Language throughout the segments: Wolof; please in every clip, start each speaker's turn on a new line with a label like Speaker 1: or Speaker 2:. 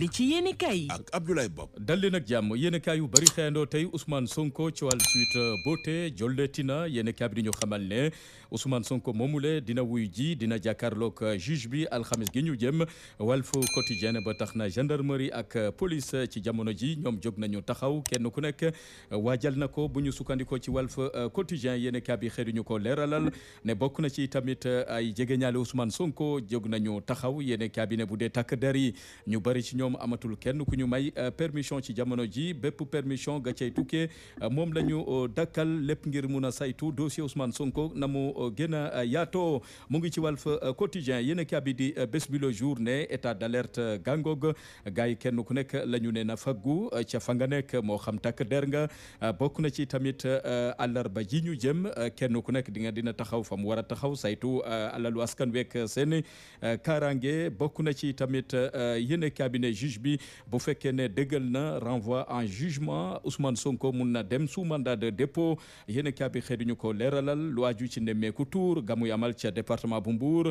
Speaker 1: li ci yéenekaay yi ak Abdoulaye Bob dalli nag jàmm yéenekaay yu bari xëyandoo tey Ousmane Sonko ci wàllu suite boote jolletina yéenekaay bi di ñu xamal ne Ousmane Sonko moomule dina wuy ji dina jàkkaarloog juge bi alxamis gi ñu jëm Walf Quotidien ba tax na gendarmerie ak police ci jamono ji ñoom jóg nañu taxaw kenn ku nekk waajal na ko bu ñu sukkandikoo ci Walf Quotidien yéenekaay bi xëy ñu ko leeralal ne bokk na ci tamit ay jegeñaale Ousmane Sonko jóg nañu taxaw yéenekaay bi bu dee takk der yi ñoom amatul kenn ku ñu may euh, permission ci jamono ji bépp permission ga cay tukkee euh, moom la ñu euh, dakkal lépp ngir mun a saytu dossier Ousmane Sonko na mu gën a yaatoo mu ngi ci Walf Quotidien yéen a kaabi di bés bi le ne état d'alerte gàngoog gars yi kenn ku nekk la ne na faggu ca fa nga nekk moo xam takk der nga bokk na ci tamit àllarba ji ñu jëm kenn ku nekk di dina taxaw fa mu war a taxaw saytu alalu askan week seen juge bi bu fekkee ne dëggal na renvoi en jugement Ousmane Sonko mun na dem sous mandat de dépôt yéen a kaabi xëy ñu ko leeralal lu aju ci nemmeeku tour gamuy amal ca département bu Mbour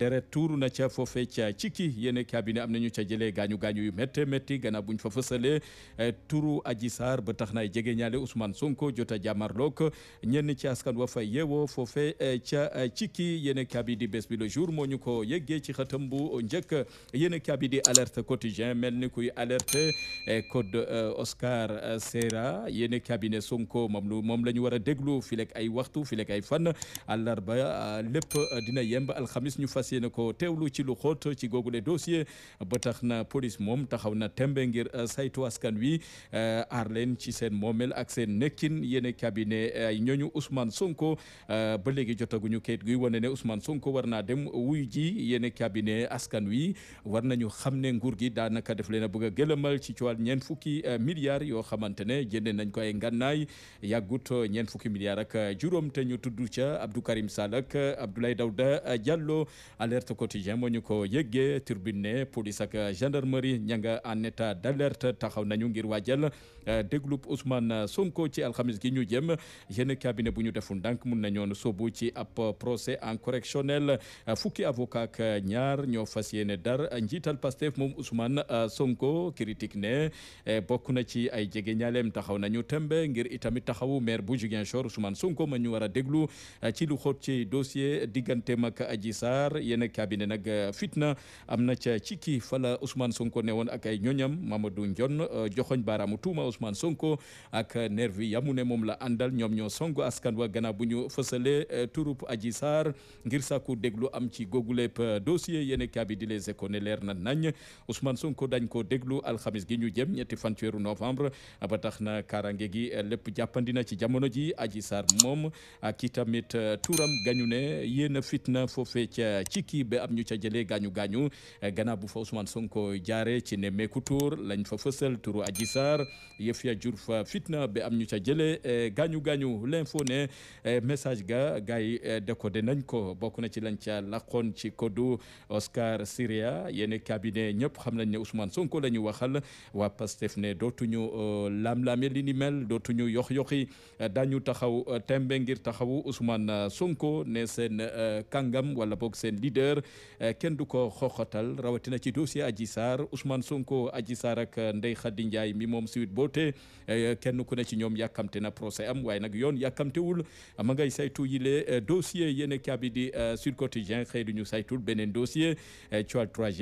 Speaker 1: deret tour na ca foofee ca Cikki yéen a kaabi ne am ñu ca jëlee gaañu gaañu yu métti métti gannaaw buñ fa fësalee eh, turu Adji Sarr ba tax na jege ñaale Ousmane Sonko jota jàmmarloog ñenn ci askan wa fa yeewoo foofee eh, ca eh, Cikki yéen a kaabi di bés bi le jour moo ñu ko yeggee ci xëtam bu njëkk a quotidien mel ni kuy alerte eh, code euh, Oscar euh, Serra yéen cabinet Sonko moom lu moom la war a déglu filek ay waxtu filek ay fan àllarba euh, lépp dina yemb alxamis ñu fas yéene ko teewlu ci lu xóot ci googule dossier ba tax na police moom taxaw na tembe ngir saytu askan wi aar leen ci seen moomel ak seen nekkin yéen cabinet ay ñooñu Ousmane Sonko ba léegi jotaguñu kayit guy wane ne Ousmane Sonko war naa dem wuy ji yéen cabinet askan wi war nañu xam ne nguur gi daan daanaka def leen a bëgg gëlëmal ci ci wàll ñeent fukki euh, milliards yoo xamante ne jëndee nañ ko ay ngànnaay yàggut euh, ñeent fukki milliards ak euh, juróom te ñu tudd ca Abdou Karim Sall ak Abdoulaye Daouda Diallo alerte quotidien moo ñu ko yëggee turbine police ak gendarmerie ña nga en état d'alerte taxaw nañu ngir waajal déglu Ousmane Sonko ci alxamis gi ñu jëm yéen cabinet bu ñu deful ndànk mun nañoon soobu ci ab procès en correctionnel fukki avocat ak ñaar ñoo fas yéene Euh, Sonko critique ne eh, bokk na ci ay jege ñalem taxaw nañu tembe ngir itamit taxawu maire bu Ziguinchor Ousmane Sonko ma ñu war a déglu eh, ci lu xóot ci dossier digganteem ak Adji Sarr yéen cabinet nag eh, fitna am na ca ci kii fala Ousmane Sonko ne woon ak ay ñoñam Mamadou njon joxoñ baaraamu tuuma Ousmane Sonko ak nervi yamu ne moom la àndal ñoom ñoo song askan wa gannaaw bu ñu fësale turub Adji Sarr ngir sàkku déglu am ci googu lépp dossier yéen cabinet di les école leer na nañ Sonko dañ koo déglu alxamis gi ñu jëm ñetti fan ci weeru novembre ba tax na kaaraange gi lépp jàppandina ci jamono ji Adji Sarr moom ak itamit euh, turam gañu ne yéen a fitna foofee ca ci kii ba am ñu ca jëlee gañu gaañu gannaaw bu fa Ousmane Sonko jaare ci ne meeku tuur lañ fa fësal turu Adji Sarr yëf ya jur fa fitna am ñu ca jëlee euh, gaañu gaañu l'info ne euh, message ga gars yi décodé nañ ko bokk na ci lañ ca laqoon ci kodu Oscar Syria yéen cabinet ñëpp xam nañ Ousmane Sonko la ñu waxal waa Pastef ne dootuñu euh, laam-laame li ni mel dootuñu yox-yoxi dañu taxaw euh, tembe ngir taxaw Ousmane euh, Sonko ne seen kàngam wala boog seen leader kenn du ko xooxatal rawatina ci dossier Adji Sarr Ousmane Sonko aji Sarr ak Ndeye Khady Ndiaye mi moom Sweet Beauté kenn ku ne ci ñoom yàkkamte na procès am waaye nag yoon yàkkamtewul ma ngay saytu yile dossier yene kaabi di Sud Quotidien xëy duñu saytul beneen dossier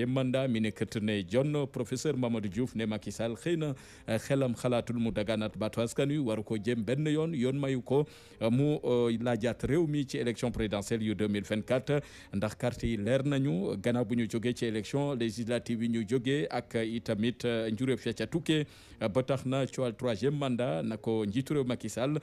Speaker 1: mandat mi ne ne John kon professeur Mamadou Diouf ne Macky Sall xëy na eh, xelam xalaatul mu daganaat baatu askan wi waru ko jëm benn yoon yoon mayu ko eh, mu eh, laajaat réew mi ci élection présidentielle yu 2024 ndax carte yi leer nañu gannaaw bu ñu jógee ci élection législative yi ñu jógee ak itamit njurée fia ca tukkee ba tax na ci troisième mandat na ko njiitu réew Sall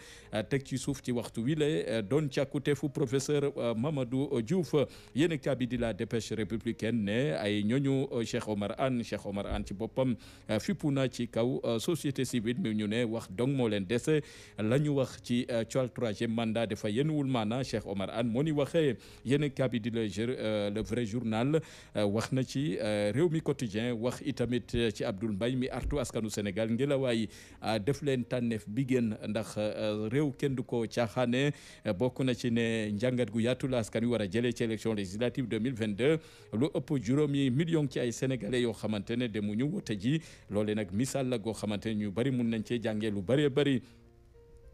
Speaker 1: teg ci suuf ci waxtu wile doon càkkuteefu professeur Mamadou Diouf yéen ak bi di la dépêche républicaine ne ay ñooñu Cheikh Omar Anne Cheikh Omar Anne ci boppam euh, fippu na ci kaw euh, société civile mi ñu ne wax dong moo leen dese la ñu wax ci coal euh, troisième mandat dafa yenuwul maana Cheikh Omar Anne moo ni waxee yéen kabi di le jour le vrai journal wax na ci réew mi quotidien wax itamit ci Abdoul mbay mi artu askanu Sénégal ngelawaay def leen tànneef bi gën ndax réew kenn du ko caaxaane bokk na ci ne njàngat gu yaatu la askan wi war a jëlee ci élection législative 2022 lu ëpp juróomi million ci ay sénégalais yoo xam nante ne demuñu wote ji loole nag misaal la goo xamante ne ñu bari mun nañ cee jàngee lu bëree bëri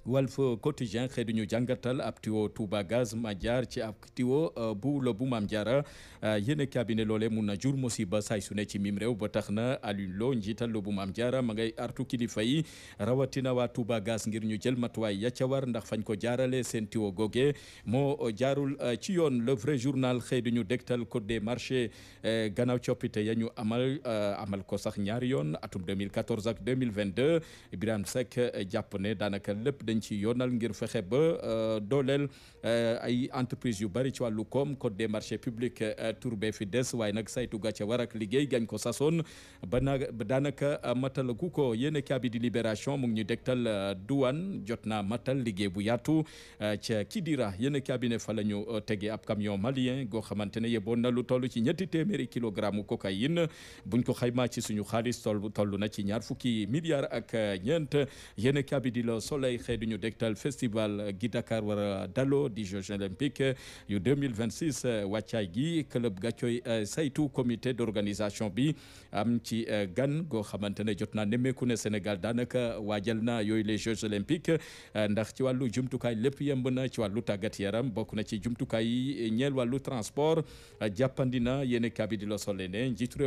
Speaker 1: Walf Quotidien xëy ñu jàngatal ab tiwo Touba Gaz ma jaar ci ab tiwo euh, bu la bu Maam Jaara euh, yéen cabinet loole mun na jur musiba say su ne ci mim réew ba tax na Alioune Lo njiital la bu Maam Jaara ma ngay artu kilifa yi rawatina waa Touba Gaz ngir ñu jël matuwaay ya ca war ndax fañ ko jaarale seen tiwo goge moo jaarul euh, ci yoon le vrai journal xëy ñu dégtal code des marchés gannaaw coppite ya ñu amal amal ko sax ñaari yoon atum 2014 ak 2022 Birame Seck jàpp ne daanaka lépp dañ ci yoonal ngir fexe ba euh, dooleel euh, ay entreprise yu bari ci wàllu koom code de marché publics euh, tur bee fi des waaye nag saytu gàcce war ak liggéey gañ ko sasoon ba nag daanaka matalagu ko yéen kaabi di libération mu ngi ñu dégtal douane jot na matal liggéey bu yaatu ca Kidira yenn cabinet fa la ñu tege ab camion malien goo xamante ne yeboon na lu toll ci ñetti téeméeri kilogramme cocaïne buñ ko xaymaa ci suñu xaalis toll toll na ci ñaar fukki milliards ak ñeent yéen du ñu dégtal festival gi Dakar war a daloo di Jeux olympiques yu 2026 euh, gi club gàccooy euh, saytu comité d'organisation bi am ci euh, gan goo xamante ne jot na nemmeeku ne Sénégal daanaka waajal na yooyu les Jeux olympiques ndax ci wàllu jumtukaay lépp yemb na ci wàllu tàggat yaram bokk na ci jumtukaay yi ñeel wàllu transport jàppandi na yéen kabi di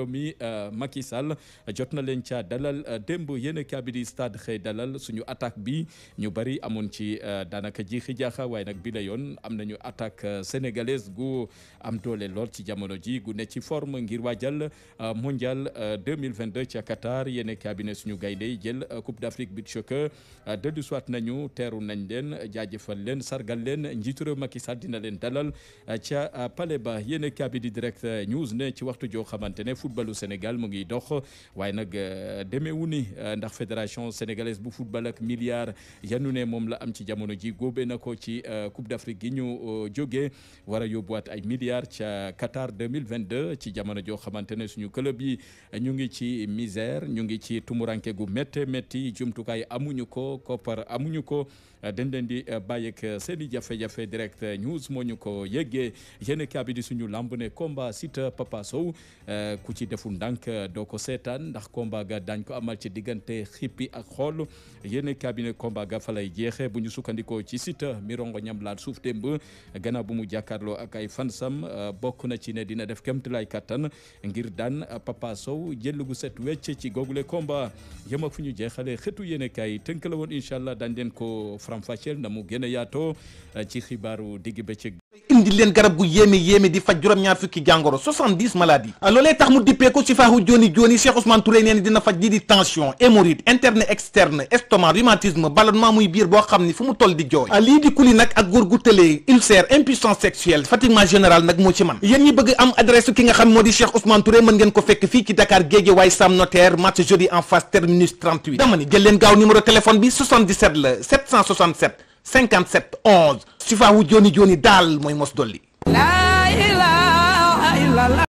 Speaker 1: mi Macky Sall jot na leen ca dalal démb yéen stade xëy dalal suñu attaque bi ñu bari bëri amoon ci euh, daanaka ji jaaxa waaye nag bi la yoon am nañu attaque euh, sénégalaise gu am doole lool ci jamono ji gu ne ci forme ngir waajal euh, mondial 2022 ca Qatar yéen cabinet suñu gaynde jël Coupe d'Afrique beach soccer dellu soit nañu teeru nañ leen jaajëfal leen sargal leen njiitu réew Macky Sall leen dalal ca Palais ba yéen cabinet di direct news ne ci waxtu joo xamante ne footballu Sénégal mu ngi dox waaye nag demeewu ni ndax fédération sénégalaise bu football ne moom la am ci jamono ji góobe na ko ci euh, Coupe d'Afrique gi ñu euh, jóge wara a yóbbuwaat ay milliards ca Qatar 2022 ci jamono joo xamante ne suñu club yi ñu ngi ci misère ñu ngi ci tumuranke gu métte métti jumtukaay amuñu ko koppar amuñu ko Euh, dañ leen di euh, bàyyi ak euh, seen i jafe-jafe direct news moo ñu ko yeggee yéen kaa bi di suñu lamb ne combat Siteu Papa Sow ku ci defu ndànk doo ko seetaan ndax combat ga dañ ko amal ci diggante xippi ak xool yéen kaabi ne combat ga fa lay jeexee bu ñu sukkandikoo ci Siteu mi rongo ñam laal suuf démb gannaaw bu mu jàkkaarloo ak ay fansam bokk na ci ne dina def kéemtalaay kattan ngir daan Papa Sow jël gu set wecc ci googule combat yem fu ñu jeexalee xeetu yéen kaay faram fàcceel na mu gën a yaatoo eh, ci xibaaru digg bëccëg indi leen garab gu yéeme yéeme di faj juróom-ñaar fukki jàngoro 70 maladies ah, loolee tax mu dippee ko sifaahu jooni jooni Cheikh Ousmane Touré nee ni dina faj lii di tension hémorroïde interne externe estomac rhumatisme ballonnement muy biir boo xam ni fu mu toll di jooy ah, lii di kuli nag ak góor gu tëlee ulcère impuissance sexuelle fatiguement général nag moo ci man yéen ñi bëgg am adresse ki nga xam moo di Cheikh Ousmane Touré mën ngeen ko fekk fii 57 11 Sufa wu joni joni daal mooy mos dolli.